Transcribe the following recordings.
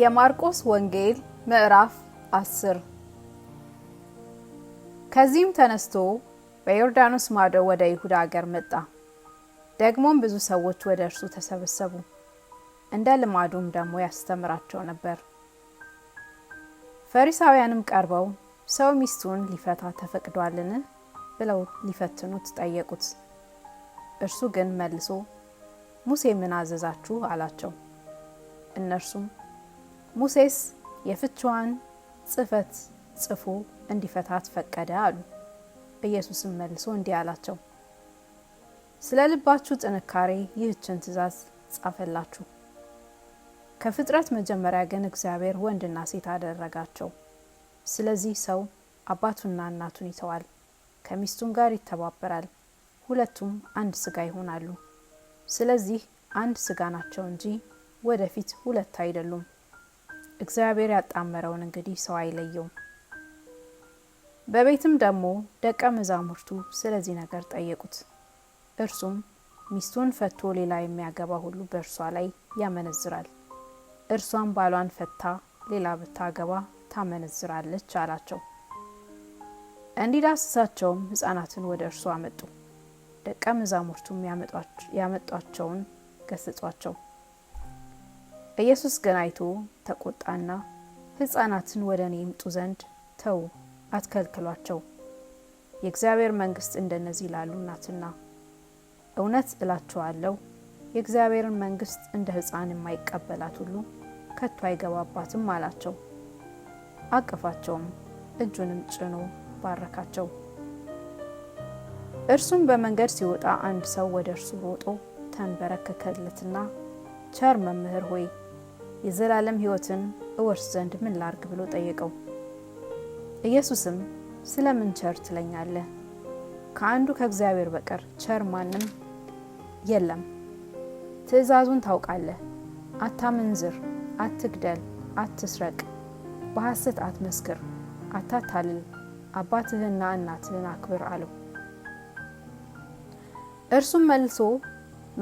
የማርቆስ ወንጌል ምዕራፍ 10 ከዚህም ተነስቶ በዮርዳኖስ ማዶ ወደ ይሁዳ አገር መጣ። ደግሞም ብዙ ሰዎች ወደ እርሱ ተሰበሰቡ፣ እንደ ልማዱም ደግሞ ያስተምራቸው ነበር። ፈሪሳውያንም ቀርበው ሰው ሚስቱን ሊፈታ ተፈቅዷልን? ብለው ሊፈትኑት ጠየቁት። እርሱ ግን መልሶ ሙሴ ምን አዘዛችሁ? አላቸው። እነርሱም ሙሴስ የፍችዋን ጽሕፈት ጽፎ እንዲፈታት ፈቀደ አሉ። ኢየሱስም መልሶ እንዲህ አላቸው፣ ስለ ልባችሁ ጥንካሬ ይህችን ትእዛዝ ጻፈላችሁ። ከፍጥረት መጀመሪያ ግን እግዚአብሔር ወንድና ሴት አደረጋቸው። ስለዚህ ሰው አባቱና እናቱን ይተዋል፣ ከሚስቱም ጋር ይተባበራል፣ ሁለቱም አንድ ስጋ ይሆናሉ። ስለዚህ አንድ ስጋ ናቸው እንጂ ወደፊት ሁለት አይደሉም። እግዚአብሔር ያጣመረውን እንግዲህ ሰው አይለየውም። በቤትም ደግሞ ደቀ መዛሙርቱ ስለዚህ ነገር ጠየቁት። እርሱም ሚስቱን ፈቶ ሌላ የሚያገባ ሁሉ በእርሷ ላይ ያመነዝራል፣ እርሷም ባሏን ፈታ ሌላ ብታገባ ታመነዝራለች አላቸው። እንዲዳስሳቸውም ሕፃናትን ወደ እርሱ አመጡ። ደቀ መዛሙርቱም ያመጧቸውን ገሰጿቸው። ኢየሱስ ግን አይቶ ተቆጣና ሕፃናትን ወደ እኔ ይምጡ ዘንድ ተዉ፣ አትከልክሏቸው፣ የእግዚአብሔር መንግሥት እንደነዚህ ላሉ ናትና። እውነት እላችኋለሁ የእግዚአብሔርን መንግሥት እንደ ሕፃን የማይቀበላት ሁሉ ከቶ አይገባባትም አላቸው። አቀፋቸውም እጁንም ጭኖ ባረካቸው። እርሱም በመንገድ ሲወጣ አንድ ሰው ወደ እርሱ ሮጦ ተንበረከከለትና ቸር መምህር ሆይ የዘላለም ሕይወትን እወርስ ዘንድ ምን ላርግ ብሎ ጠየቀው። ኢየሱስም ምን ቸር ትለኛለህ? ከአንዱ ከእግዚአብሔር በቀር ቸር ማንም የለም። ትእዛዙን ታውቃለህ። አታመንዝር፣ አትግደል፣ አትስረቅ፣ በሐሰት አትመስክር፣ አታታልል፣ አባትህና እናትህን አክብር አለው። እርሱም መልሶ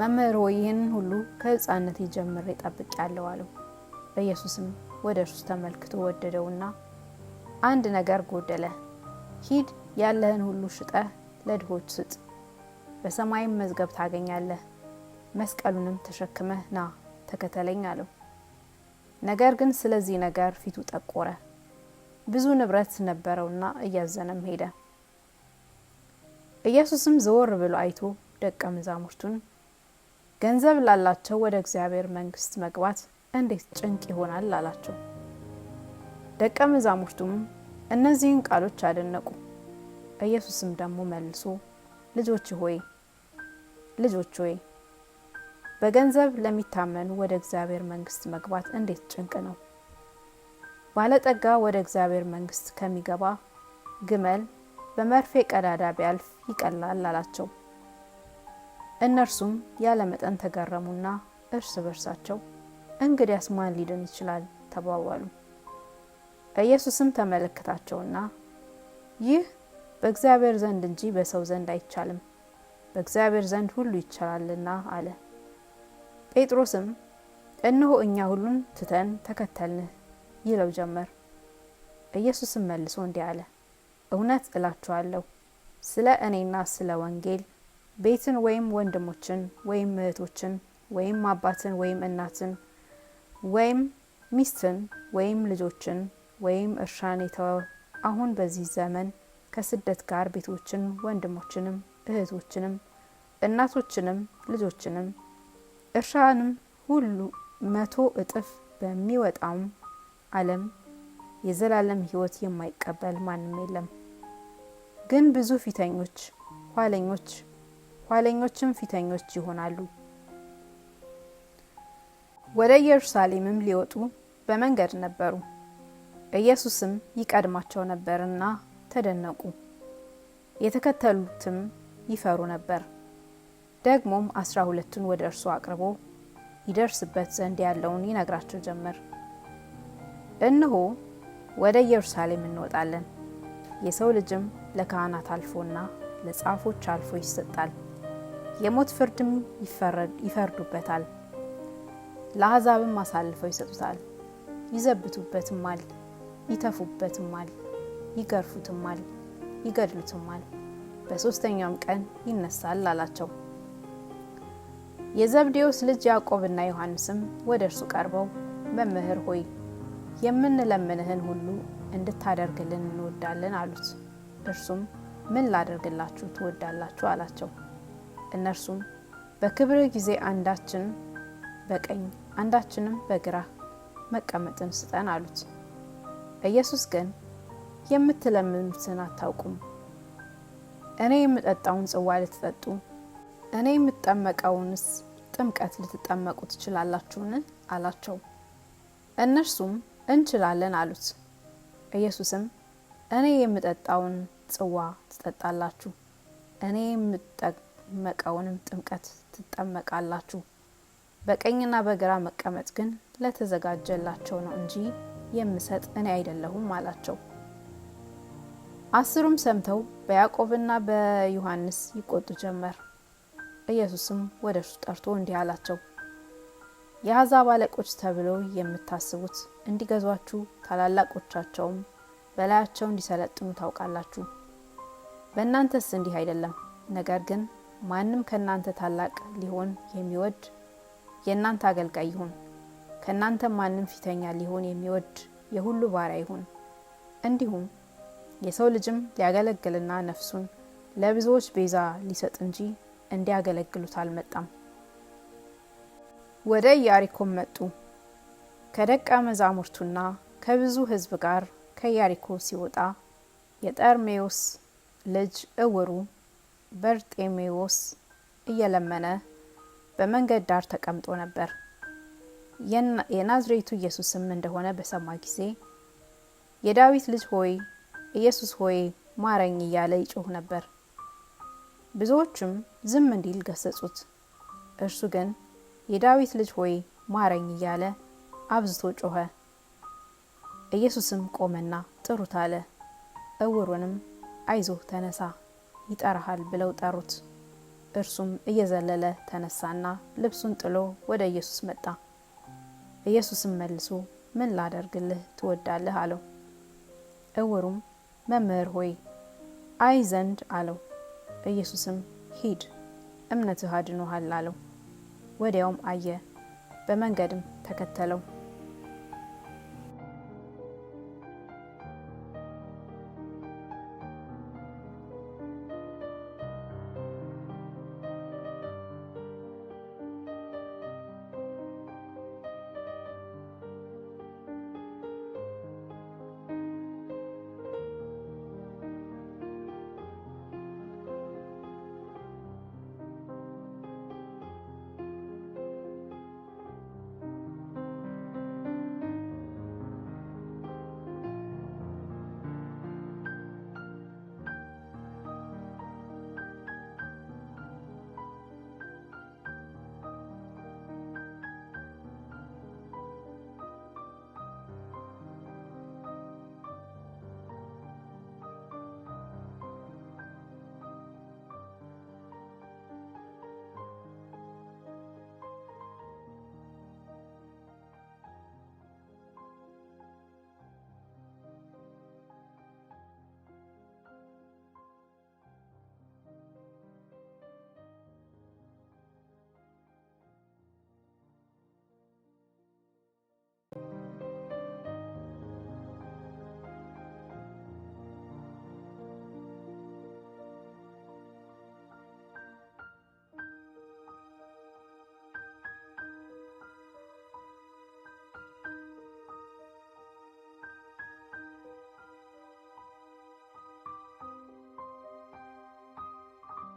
መምህር ሆይ ይህንን ሁሉ ከሕፃንነቴ ጀምሬ ያለው አለው። በኢየሱስም ወደ እርሱ ተመልክቶ ወደደውና አንድ ነገር ጎደለ፣ ሂድ ያለህን ሁሉ ሽጠህ ለድሆች ስጥ፣ በሰማይም መዝገብ ታገኛለህ፣ መስቀሉንም ተሸክመህ ና ተከተለኝ አለው። ነገር ግን ስለዚህ ነገር ፊቱ ጠቆረ፣ ብዙ ንብረት ነበረውና እያዘነም ሄደ። ኢየሱስም ዘወር ብሎ አይቶ ደቀ መዛሙርቱን ገንዘብ ላላቸው ወደ እግዚአብሔር መንግስት መግባት እንዴት ጭንቅ ይሆናል አላቸው። ደቀ መዛሙርቱም እነዚህን ቃሎች አደነቁ። ኢየሱስም ደግሞ መልሶ ልጆች ሆይ ልጆች ሆይ በገንዘብ ለሚታመኑ ወደ እግዚአብሔር መንግስት መግባት እንዴት ጭንቅ ነው! ባለጠጋ ወደ እግዚአብሔር መንግስት ከሚገባ ግመል በመርፌ ቀዳዳ ቢያልፍ ይቀላል አላቸው። እነርሱም ያለ መጠን ተገረሙና እርስ በርሳቸው እንግዲያስ ማን ሊድን ይችላል ተባባሉ። ኢየሱስም ተመለከታቸውና ይህ በእግዚአብሔር ዘንድ እንጂ በሰው ዘንድ አይቻልም፣ በእግዚአብሔር ዘንድ ሁሉ ይቻላልና አለ። ጴጥሮስም እነሆ እኛ ሁሉን ትተን ተከተልንህ ይለው ጀመር። ኢየሱስም መልሶ እንዲህ አለ፣ እውነት እላችኋለሁ ስለ እኔና ስለ ወንጌል ቤትን ወይም ወንድሞችን ወይም እህቶችን ወይም አባትን ወይም እናትን ወይም ሚስትን ወይም ልጆችን ወይም እርሻን የተወ አሁን በዚህ ዘመን ከስደት ጋር ቤቶችን፣ ወንድሞችንም፣ እህቶችንም፣ እናቶችንም፣ ልጆችንም እርሻንም ሁሉ መቶ እጥፍ በሚወጣውም ዓለም የዘላለም ሕይወት የማይቀበል ማንም የለም። ግን ብዙ ፊተኞች ኋለኞች ኋለኞችም ፊተኞች ይሆናሉ። ወደ ኢየሩሳሌምም ሊወጡ በመንገድ ነበሩ። ኢየሱስም ይቀድማቸው ነበርና ተደነቁ። የተከተሉትም ይፈሩ ነበር። ደግሞም አስራ ሁለቱን ወደ እርሱ አቅርቦ ይደርስበት ዘንድ ያለውን ይነግራቸው ጀመር። እነሆ ወደ ኢየሩሳሌም እንወጣለን፣ የሰው ልጅም ለካህናት አልፎና ለጻፎች አልፎ ይሰጣል፣ የሞት ፍርድም ይፈርዱበታል ለአሕዛብም አሳልፈው ይሰጡታል፣ ይዘብቱበትማል፣ ይተፉበትማል፣ ይገርፉትማል፣ ይገድሉትማል፣ በሦስተኛውም ቀን ይነሳል አላቸው። የዘብዴዎስ ልጅ ያዕቆብና ዮሐንስም ወደ እርሱ ቀርበው መምህር ሆይ የምንለምንህን ሁሉ እንድታደርግልን እንወዳለን አሉት። እርሱም ምን ላደርግላችሁ ትወዳላችሁ አላቸው። እነርሱም በክብር ጊዜ አንዳችን በቀኝ አንዳችንም በግራ መቀመጥን ስጠን አሉት። ኢየሱስ ግን የምትለምኑትን አታውቁም፣ እኔ የምጠጣውን ጽዋ ልትጠጡ፣ እኔ የምጠመቀውንስ ጥምቀት ልትጠመቁ ትችላላችሁን? አላቸው። እነርሱም እንችላለን አሉት። ኢየሱስም እኔ የምጠጣውን ጽዋ ትጠጣላችሁ፣ እኔ የምጠመቀውንም ጥምቀት ትጠመቃላችሁ በቀኝና በግራ መቀመጥ ግን ለተዘጋጀላቸው ነው እንጂ የምሰጥ እኔ አይደለሁም አላቸው። አስሩም ሰምተው በያዕቆብና በዮሐንስ ይቆጡ ጀመር። ኢየሱስም ወደ እርሱ ጠርቶ እንዲህ አላቸው፣ የአሕዛብ አለቆች ተብለው የምታስቡት እንዲገዟችሁ፣ ታላላቆቻቸውም በላያቸው እንዲሰለጥኑ ታውቃላችሁ። በእናንተስ እንዲህ አይደለም። ነገር ግን ማንም ከእናንተ ታላቅ ሊሆን የሚወድ የእናንተ አገልጋይ ይሁን፣ ከእናንተ ማንም ፊተኛ ሊሆን የሚወድ የሁሉ ባሪያ ይሁን። እንዲሁም የሰው ልጅም ሊያገለግልና ነፍሱን ለብዙዎች ቤዛ ሊሰጥ እንጂ እንዲያገለግሉት አልመጣም። ወደ ኢያሪኮም መጡ። ከደቀ መዛሙርቱና ከብዙ ሕዝብ ጋር ከኢያሪኮ ሲወጣ የጠርሜዎስ ልጅ እውሩ በርጤሜዎስ እየለመነ በመንገድ ዳር ተቀምጦ ነበር። የናዝሬቱ ኢየሱስም እንደሆነ በሰማ ጊዜ የዳዊት ልጅ ሆይ ኢየሱስ ሆይ ማረኝ እያለ ይጮህ ነበር። ብዙዎቹም ዝም እንዲል ገሰጹት። እርሱ ግን የዳዊት ልጅ ሆይ ማረኝ እያለ አብዝቶ ጮኸ። ኢየሱስም ቆመና ጥሩት አለ። እውሩንም አይዞህ ተነሳ፣ ይጠራሃል ብለው ጠሩት። እርሱም እየዘለለ ተነሳና ልብሱን ጥሎ ወደ ኢየሱስ መጣ። ኢየሱስም መልሶ ምን ላደርግልህ ትወዳለህ? አለው። እውሩም መምህር ሆይ አይ ዘንድ አለው። ኢየሱስም ሂድ፣ እምነትህ አድኖሃል አለው። ወዲያውም አየ፣ በመንገድም ተከተለው።